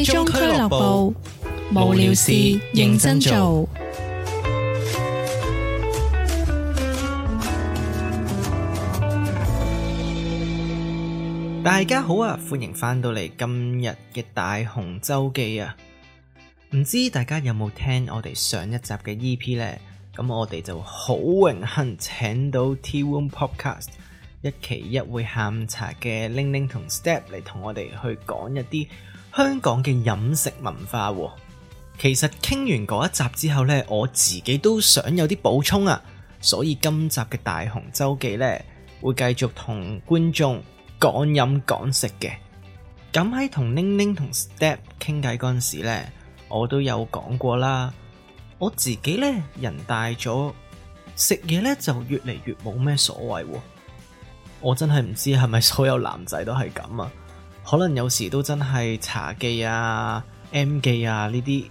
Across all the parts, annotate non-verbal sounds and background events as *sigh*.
最終俱樂部，無聊事認真做。嗯、大家好啊，歡迎返到嚟今日嘅大雄周記啊！唔知大家有冇聽我哋上一集嘅 EP 呢？咁我哋就好榮幸請到 T Room Podcast 一期一會下午茶嘅玲玲同 Step 嚟同我哋去講一啲。香港嘅飲食文化，其實傾完嗰一集之後呢，我自己都想有啲補充啊，所以今集嘅大雄周記呢，會繼續同觀眾講飲講食嘅。咁喺同玲玲同 Step 傾偈嗰陣時呢，我都有講過啦。我自己呢，人大咗，食嘢呢就越嚟越冇咩所謂，啊。我真係唔知係咪所有男仔都係咁啊！可能有時都真係茶記啊、M 記啊呢啲，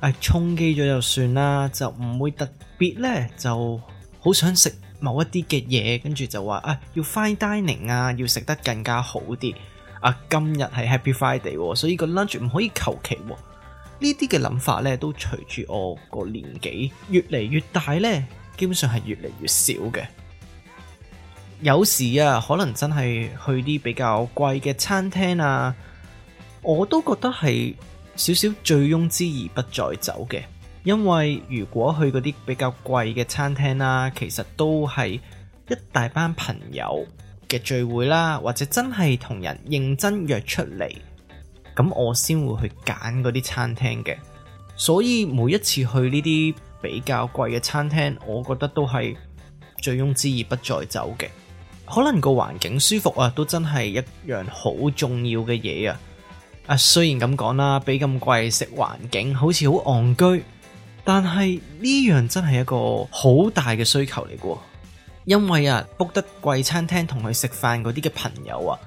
誒充飢咗就算啦，就唔會特別呢就好想食某一啲嘅嘢，跟住就話啊，要 fine dining 啊，要食得更加好啲，啊今日係 Happy Friday 喎，所以個 lunch 唔可以求其喎，呢啲嘅諗法呢都隨住我個年紀越嚟越大呢，基本上係越嚟越少嘅。有時啊，可能真係去啲比較貴嘅餐廳啊，我都覺得係少少醉翁之意不在酒嘅。因為如果去嗰啲比較貴嘅餐廳啦、啊，其實都係一大班朋友嘅聚會啦，或者真係同人認真約出嚟，咁我先會去揀嗰啲餐廳嘅。所以每一次去呢啲比較貴嘅餐廳，我覺得都係醉翁之意不在酒嘅。可能個環境舒服啊，都真係一樣好重要嘅嘢啊！啊，雖然咁講啦，俾咁貴食環境好似好戇居，但係呢樣真係一個好大嘅需求嚟嘅。因為啊，book 得貴餐廳同佢食飯嗰啲嘅朋友啊，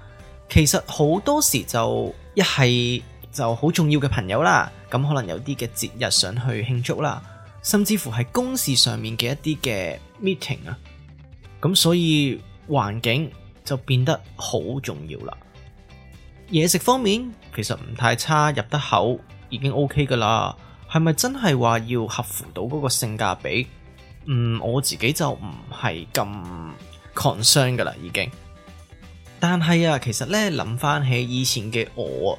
其實好多時就一係就好重要嘅朋友啦。咁可能有啲嘅節日想去慶祝啦，甚至乎係公事上面嘅一啲嘅 meeting 啊。咁所以。環境就變得好重要啦。嘢食方面其實唔太差，入得口已經 OK 噶啦。係咪真係話要合乎到嗰個性價比？嗯，我自己就唔係咁 concern 噶啦，已經。但係啊，其實呢，諗翻起以前嘅我，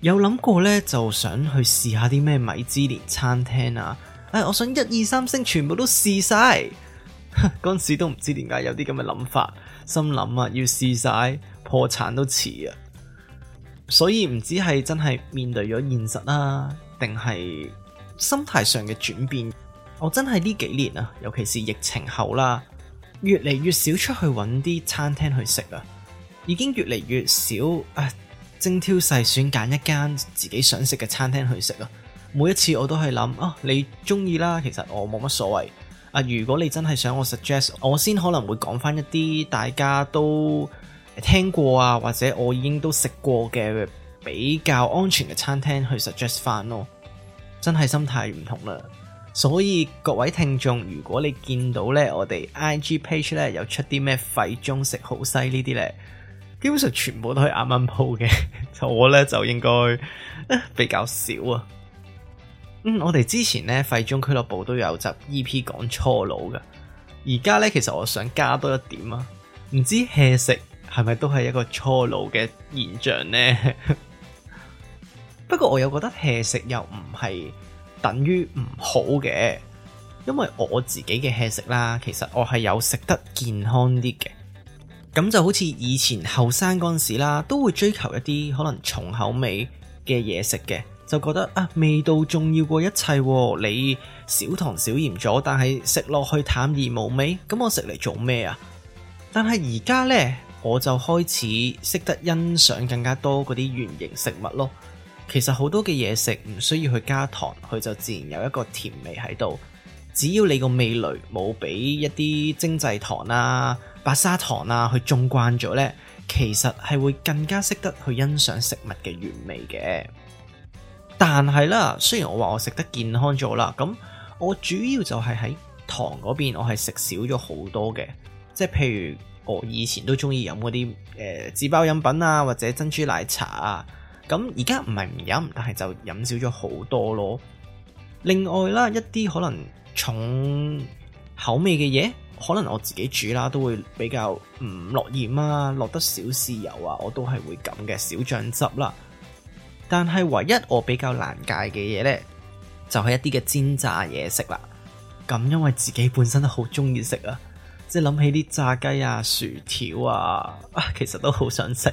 有諗過呢，就想去試下啲咩米芝蓮餐廳啊。哎，我想一二三星全部都試晒。嗰陣 *laughs* 時都唔知點解有啲咁嘅諗法，心諗啊要試晒，破產都遲啊！所以唔知係真係面對咗現實啦，啊，定係心態上嘅轉變？ *laughs* 我真係呢幾年啊，尤其是疫情後啦，越嚟越少出去揾啲餐廳去食啊，已經越嚟越少啊，精挑細選揀一間自己想食嘅餐廳去食啊！每一次我都係諗啊，你中意啦，其實我冇乜所謂。啊，如果你真係想我 suggest，我先可能會講翻一啲大家都聽過啊，或者我已經都食過嘅比較安全嘅餐廳去 suggest 翻咯。真係心態唔同啦。所以各位聽眾，如果你見到呢我哋 IG page 呢有出啲咩「廢中食好西」呢啲呢，基本上全部都係啱啱鋪嘅。就我呢，就應該比較少啊。嗯，我哋之前呢，廢中俱樂部都有集 E.P 講初老㗎，而家呢，其實我想加多一點啊，唔知吃食係咪都係一個初老嘅現象呢？ *laughs* 不過我又覺得吃食又唔係等於唔好嘅，因為我自己嘅吃食啦，其實我係有食得健康啲嘅，咁就好似以前後生嗰陣時候啦，都會追求一啲可能重口味嘅嘢食嘅。就覺得啊，味道重要過一切啊。你少糖少鹽咗，但係食落去淡而冇味，咁我食嚟做咩啊？但係而家呢，我就開始識得欣賞更加多嗰啲原形食物咯。其實好多嘅嘢食唔需要去加糖，佢就自然有一個甜味喺度。只要你個味蕾冇俾一啲精製糖啊、白砂糖啊去種慣咗呢，其實係會更加識得去欣賞食物嘅原味嘅。但係啦，雖然我話我食得健康咗啦，咁我主要就係喺糖嗰邊，我係食少咗好多嘅。即係譬如我以前都鍾意飲嗰啲誒紙包飲品啊，或者珍珠奶茶啊，咁而家唔係唔飲，但係就飲少咗好多咯。另外啦，一啲可能重口味嘅嘢，可能我自己煮啦都會比較唔落鹽啊，落得少豉油啊，我都係會咁嘅少醬汁啦。但係唯一我比較難戒嘅嘢呢，就係、是、一啲嘅煎炸嘢食啦。咁因為自己本身都好中意食啊，即係諗起啲炸雞啊、薯條啊，其實都好想食。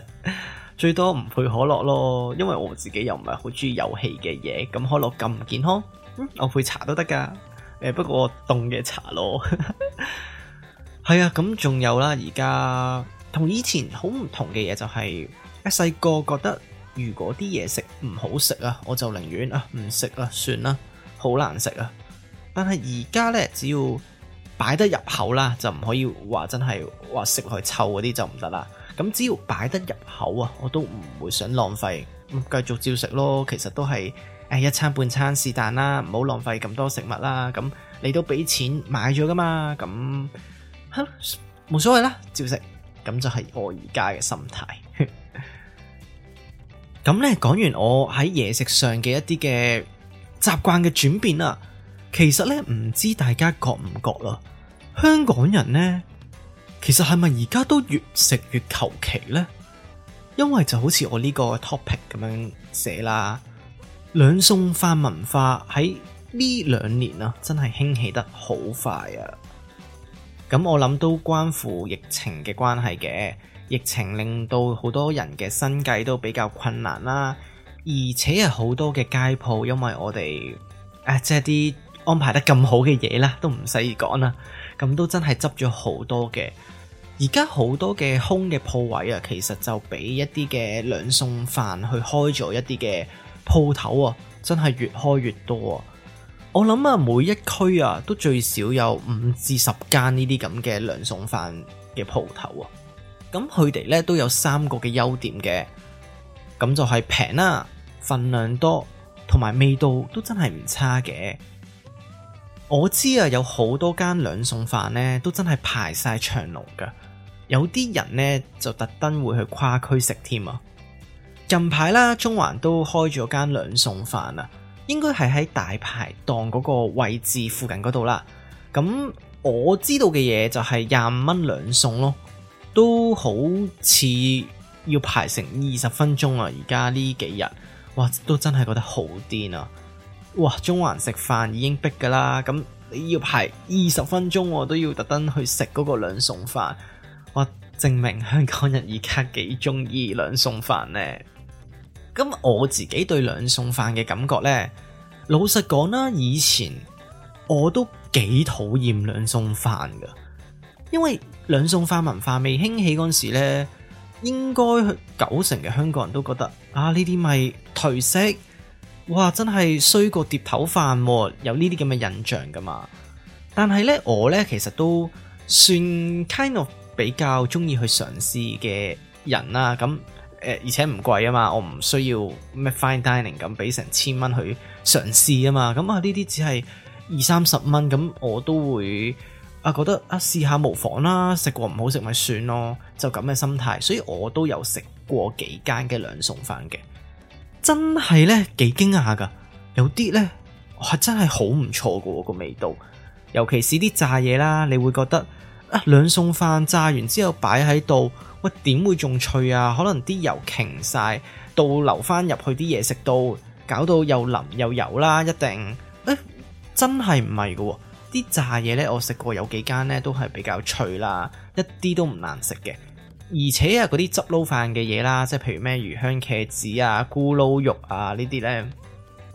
最多唔配可樂咯，因為我自己又唔係好中意油氣嘅嘢。咁可樂咁唔健康，嗯，我配茶都得噶。不過凍嘅茶咯。係 *laughs* 啊，咁仲有啦，而家同以前好唔同嘅嘢就係、是，一細個覺得。如果啲嘢食唔好食啊，我就寧願啊唔食啊，算啦，好難食啊。但係而家呢，只要擺得入口啦，就唔可以話真係話食落去臭嗰啲就唔得啦。咁只要擺得入口啊，我都唔會想浪費，繼續照食咯。其實都係誒一餐半餐是但啦，唔好浪費咁多食物啦。咁你都俾錢買咗噶嘛，咁，冇所謂啦，照食。咁就係我而家嘅心態。咁咧，講完我喺嘢食上嘅一啲嘅習慣嘅轉變啦，其實咧，唔知大家覺唔覺啊？香港人咧，其實係咪而家都越食越求其咧？因為就好似我呢個 topic 咁樣寫啦，兩餸飯文化喺呢兩年啊，真係興起得好快啊！咁我諗都關乎疫情嘅關係嘅，疫情令到好多人嘅生計都比較困難啦，而且啊好多嘅街鋪，因為我哋誒即係啲安排得咁好嘅嘢啦，都唔使講啦，咁都真係執咗好多嘅，而家好多嘅空嘅鋪位啊，其實就俾一啲嘅兩餸飯去開咗一啲嘅鋪頭啊，真係越開越多啊！我諗啊，每一區啊，都最少有五至十間呢啲咁嘅兩餸飯嘅鋪頭啊。咁佢哋呢都有三個嘅優點嘅，咁就係平啦，份量多，同埋味道都真係唔差嘅。我知啊，有好多間兩餸飯呢都真係排晒長龍㗎。有啲人呢就特登會去跨區食添啊。近排啦，中環都開咗間兩餸飯啊。應該係喺大排檔嗰個位置附近嗰度啦。咁我知道嘅嘢就係廿五蚊兩餸咯，都好似要排成二十分鐘啊！而家呢幾日，哇，都真係覺得好癲啊！哇，中環食飯已經逼噶啦，咁你要排二十分鐘啊，我都要特登去食嗰個兩餸飯，哇！證明香港人而家幾中意兩餸飯呢。咁我自己對兩餸飯嘅感覺呢，老實講啦，以前我都幾討厭兩餸飯嘅，因為兩餸飯文化未興起嗰陣時呢，應該九成嘅香港人都覺得，啊呢啲咪褪色，哇，真係衰過碟頭飯，有呢啲咁嘅印象噶嘛。但係呢，我呢其實都算 kind of 比較中意去嘗試嘅人啦，啊，咁。而且唔貴啊嘛，我唔需要咩 fine dining 咁俾成千蚊去嘗試啊嘛，咁啊呢啲只係二三十蚊，咁我都會啊覺得啊試下無妨啦，食過唔好食咪算咯，就咁嘅心態，所以我都有食過幾間嘅兩餸飯嘅，真係呢幾驚訝噶，有啲呢，係真係好唔錯噶個味道，尤其是啲炸嘢啦，你會覺得啊兩餸飯炸完之後擺喺度。喂，點會仲脆啊？可能啲油傾晒，倒流翻入去啲嘢食度搞到又腍又油啦！一定誒，真係唔係嘅喎。啲炸嘢呢，我食過有幾間呢，都係比較脆啦，一啲都唔難食嘅。而且啊，嗰啲汁撈飯嘅嘢啦，即係譬如咩魚香茄子啊、咕嚕肉啊呢啲呢，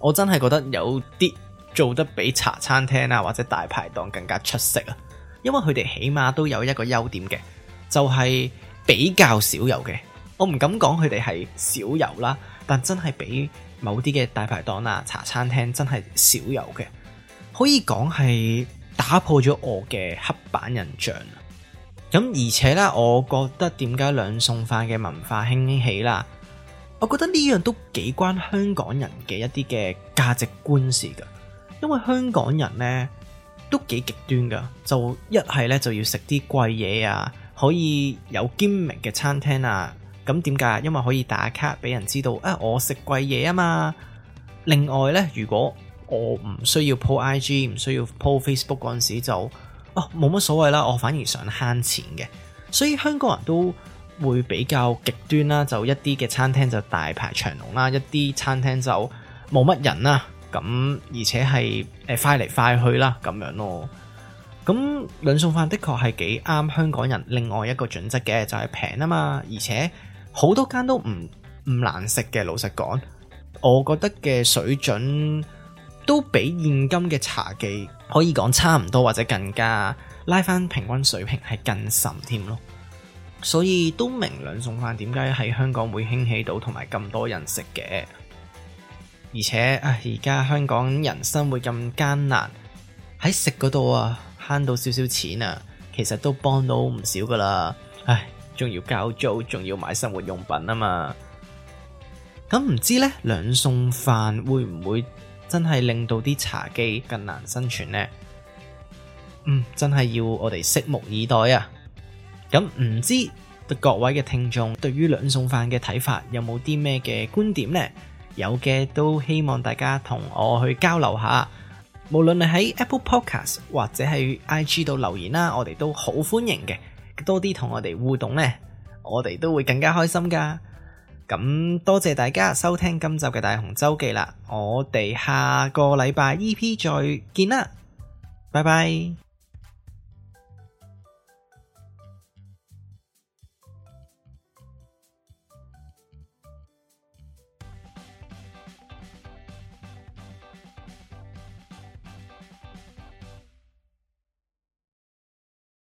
我真係覺得有啲做得比茶餐廳啊或者大排檔更加出色啊，因為佢哋起碼都有一個優點嘅，就係、是。比較少有嘅，我唔敢講佢哋係少有啦，但真係比某啲嘅大排檔啊、茶餐廳真係少有嘅，可以講係打破咗我嘅黑板印象。咁而且呢，我覺得點解兩餸飯嘅文化興起啦？我覺得呢樣都幾關香港人嘅一啲嘅價值觀事㗎，因為香港人呢都幾極端㗎，就一係呢就要食啲貴嘢啊。可以有兼明嘅餐廳啊，咁點解？因為可以打卡俾人知道啊，我食貴嘢啊嘛。另外呢，如果我唔需要 po IG，唔需要 po Facebook 嗰陣時就，就哦冇乜所謂啦。我反而想慳錢嘅，所以香港人都會比較極端啦。就一啲嘅餐廳就大排長龍啦，一啲餐廳就冇乜人啦。咁而且係快嚟快去啦，咁樣咯。咁兩餸飯的確係幾啱香港人，另外一個準則嘅就係平啊嘛，而且好多間都唔唔難食嘅。老實講，我覺得嘅水準都比現今嘅茶記可以講差唔多，或者更加拉翻平均水平係更甚添咯。所以都明兩餸飯點解喺香港會興起到同埋咁多人食嘅，而且啊，而家香港人生活咁艱難喺食嗰度啊～慳到少少錢啊，其實都幫到唔少噶啦，唉，仲要交租，仲要買生活用品啊嘛。咁唔知呢，兩餸飯會唔會真係令到啲茶記更難生存呢？嗯，真係要我哋拭目以待啊。咁唔知各位嘅聽眾，對於兩餸飯嘅睇法有冇啲咩嘅觀點呢？有嘅都希望大家同我去交流下。無論你喺 Apple Podcast 或者係 IG 度留言啦，我哋都好歡迎嘅，多啲同我哋互動呢，我哋都會更加開心㗎。咁多謝大家收聽今集嘅大雄週記啦，我哋下個禮拜 EP 再見啦，拜拜。